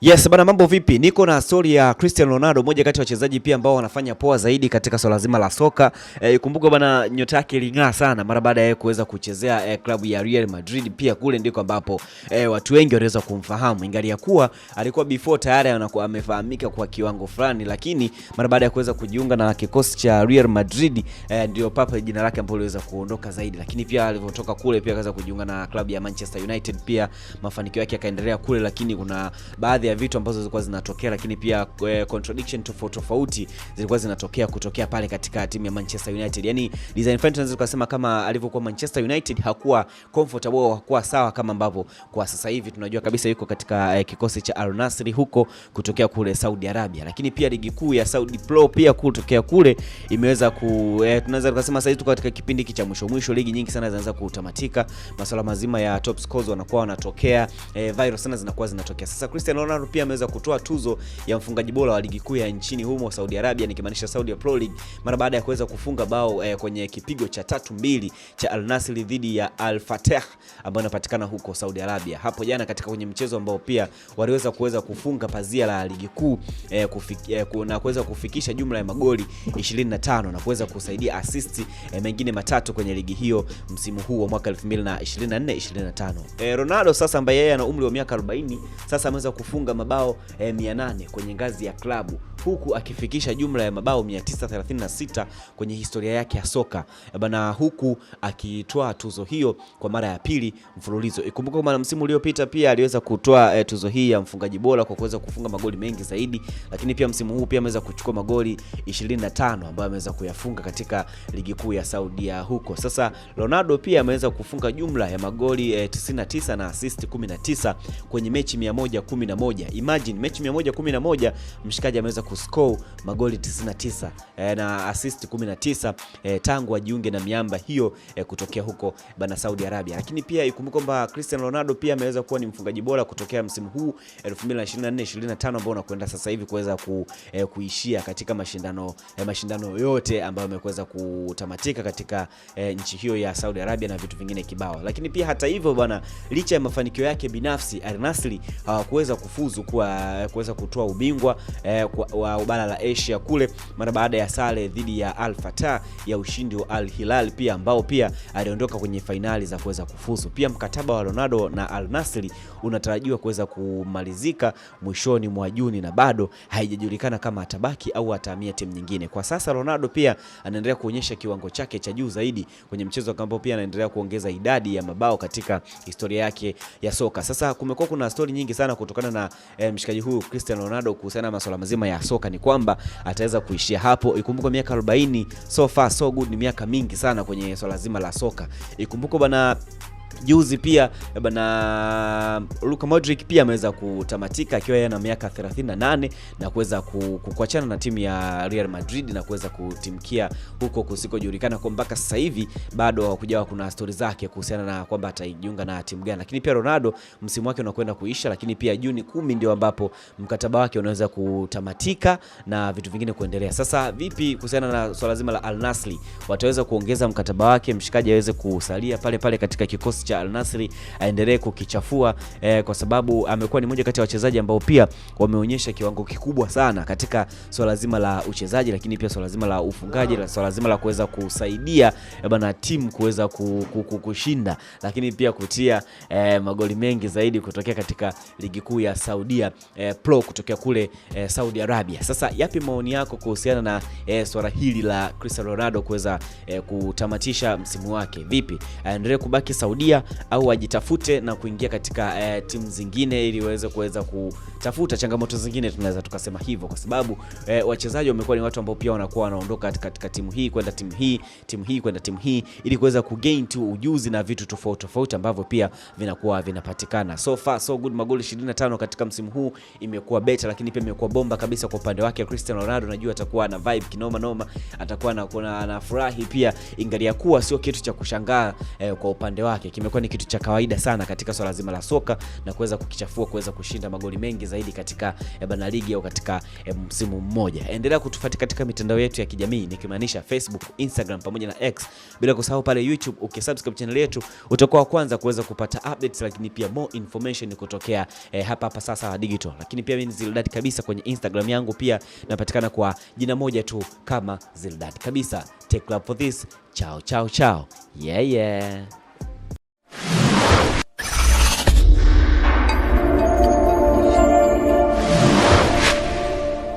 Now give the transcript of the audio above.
Yes, bana mambo vipi? Niko na story ya Cristiano Ronaldo, moja kati ya wachezaji pia ambao wanafanya poa zaidi katika swala zima la soka. E, kumbuka bana nyota yake iling'aa sana mara baada ya kuweza kuchezea e, klabu ya Real Madrid, pia kule ndiko ambapo e, watu wengi waliweza kumfahamu. Ingalia kuwa alikuwa before tayari anakuwa amefahamika kwa kiwango fulani, lakini mara baada ya kuweza kujiunga na kikosi cha Real Madrid e, ndio papa jina lake ambapo liweza kuondoka zaidi. Lakini pia alivyotoka kule pia akaweza kujiunga na klabu ya Manchester United, pia mafanikio yake yakaendelea kule, lakini kuna baadhi baadhi ya vitu ambazo zilikuwa zinatokea, lakini pia eh, contradiction tofauti tofauti zilikuwa zinatokea kutokea pale katika timu ya Manchester United. Yaani design friend tunaweza kusema kama alivyokuwa Manchester United hakuwa comfortable, hakuwa sawa kama ambavyo kwa sasa hivi tunajua kabisa yuko katika eh, kikosi cha Al Nassr huko kutokea kule Saudi Arabia, lakini pia ligi kuu ya Saudi Pro pia kutokea kule imeweza ku eh, tunaweza kusema sasa hivi tuko katika kipindi cha mwisho mwisho, ligi nyingi sana zinaanza kutamatika, masuala mazima ya top scores wanakuwa wanatokea eh, virus sana zinakuwa zinatokea sasa Cristiano Ronaldo Ronaldo pia ameweza kutoa tuzo ya mfungaji bora wa ligi kuu ya nchini humo Saudi Arabia, nikimaanisha Saudi Pro League mara baada ya kuweza kufunga bao eh, kwenye kipigo cha tatu mbili cha Al Nassr dhidi ya Al Fateh ambayo inapatikana huko Saudi Arabia hapo jana katika kwenye mchezo ambao pia waliweza kuweza kufunga pazia la ligi kuu eh, eh, na kuweza kufikisha jumla ya magoli 25 na kuweza kusaidia assist eh, mengine matatu kwenye ligi hiyo msimu huu wa mwaka 2024 25. Eh, Ronaldo sasa ambaye yeye ana umri wa miaka 40 sasa ameweza kufunga kufunga mabao eh, 800 kwenye ngazi ya klabu huku akifikisha jumla ya mabao 936 kwenye historia yake ya soka eh, bana, huku akitoa tuzo hiyo kwa mara ya pili mfululizo. Ikumbuka kwamba msimu uliopita pia aliweza kutoa eh, tuzo hii ya mfungaji bora kwa kuweza kufunga magoli mengi zaidi, lakini pia msimu huu pia ameweza kuchukua magoli 25 ambayo ameweza kuyafunga katika ligi kuu ya Saudia huko. Sasa Ronaldo pia ameweza kufunga jumla ya magoli eh, 99 na assist 19 kwenye mechi 111 111. Imagine mechi 111 mshikaji ameweza kuscore magoli 99 e, eh, na assist 19 e, eh, tangu ajiunge na miamba hiyo e, kutokea huko bana Saudi Arabia. Lakini pia ikumbuke kwamba Cristiano Ronaldo pia ameweza kuwa ni mfungaji bora kutokea msimu huu 2024 2025 ambao unakwenda sasa hivi kuweza ku, e, kuishia katika mashindano e, mashindano yote ambayo ameweza kutamatika katika e, nchi hiyo ya Saudi Arabia na vitu vingine kibao. Lakini pia hata hivyo bwana, licha ya mafanikio yake binafsi Al Nassr hawakuweza kufuzu kufuzu kuwa kuweza kutoa ubingwa eh, wa bara la Asia kule mara baada ya sare dhidi ya Al Fatah ya ushindi wa Al Hilal pia ambao pia aliondoka kwenye fainali za kuweza kufuzu. Pia mkataba wa Ronaldo na Al Nassr unatarajiwa kuweza kumalizika mwishoni mwa Juni na bado haijajulikana kama atabaki au atahamia timu nyingine. Kwa sasa Ronaldo pia anaendelea kuonyesha kiwango chake cha juu zaidi kwenye mchezo ambao pia anaendelea kuongeza idadi ya mabao katika historia yake ya soka. Sasa kumekuwa kuna stori nyingi sana kutokana na eh, mshikaji huyu Cristiano Ronaldo kuhusiana na masuala mazima ya soka ni kwamba ataweza kuishia hapo. Ikumbuko miaka 40 so far so good, ni miaka mingi sana kwenye swala so zima la soka. Ikumbuko bana Juzi pia eh, bana Luka Modric pia ameweza kutamatika akiwa yeye na miaka 38 na kuweza kuachana na timu ya Real Madrid na kuweza kutimkia huko kusikojulikana, kwa mpaka sasa hivi bado hakujawa kuna stori zake kuhusiana na kwamba atajiunga na timu gani. Lakini pia Ronaldo msimu wake unakwenda kuisha, lakini pia Juni kumi ndio ambapo mkataba wake unaweza kutamatika na vitu vingine kuendelea. Sasa vipi kuhusiana na swala zima la Al Nassr, wataweza kuongeza mkataba wake mshikaji aweze kusalia pale pale katika kikosi kikosi cha Al Nassr aendelee kukichafua eh, kwa sababu amekuwa ni mmoja kati ya wachezaji ambao pia wameonyesha kiwango kikubwa sana katika swala zima la uchezaji, lakini pia swala zima la ufungaji, na swala zima la kuweza kusaidia eh, bana timu kuweza kushinda, lakini pia kutia eh, magoli mengi zaidi kutokea katika ligi kuu ya Saudia eh, Pro kutokea kule eh, Saudi Arabia. Sasa yapi maoni yako kuhusiana na eh, swala hili la Cristiano Ronaldo kuweza eh, kutamatisha msimu wake? Vipi, aendelee kubaki Saudi kuingia au wajitafute na kuingia katika eh, timu zingine ili waweze kuweza kutafuta changamoto zingine, tunaweza tukasema hivyo, kwa sababu eh, wachezaji wamekuwa ni watu ambao pia wanakuwa wanaondoka katika, katika timu hii kwenda timu hii timu hii kwenda timu hii ili kuweza kugain tu ujuzi na vitu tofauti tofauti ambavyo pia vinakuwa vinapatikana. So far so good, magoli 25 katika msimu huu imekuwa beta, lakini pia imekuwa bomba kabisa kwa upande wake Cristiano Ronaldo. Najua atakuwa na vibe kinoma noma, atakuwa na, na, na furahi pia, ingalia kuwa sio kitu cha kushangaa eh, kwa upande wake kimekuwa ni kitu cha kawaida sana katika swala zima la soka na kuweza kukichafua kuweza kushinda magoli mengi zaidi katika eh, bana ligi au katika eh, msimu mmoja. Endelea kutufuatilia katika mitandao yetu ya kijamii nikimaanisha Facebook, Instagram pamoja na X, bila kusahau pale YouTube. Ukisubscribe channel yetu utakuwa wa kwanza kuweza kupata updates, lakini pia more information kutokea eh, hapa hapa sasa wa Digital. Lakini pia mimi Zildad kabisa kwenye Instagram yangu pia napatikana kwa jina moja tu kama Zildad kabisa. Take love for this. Chao chao chao. Yeah yeah.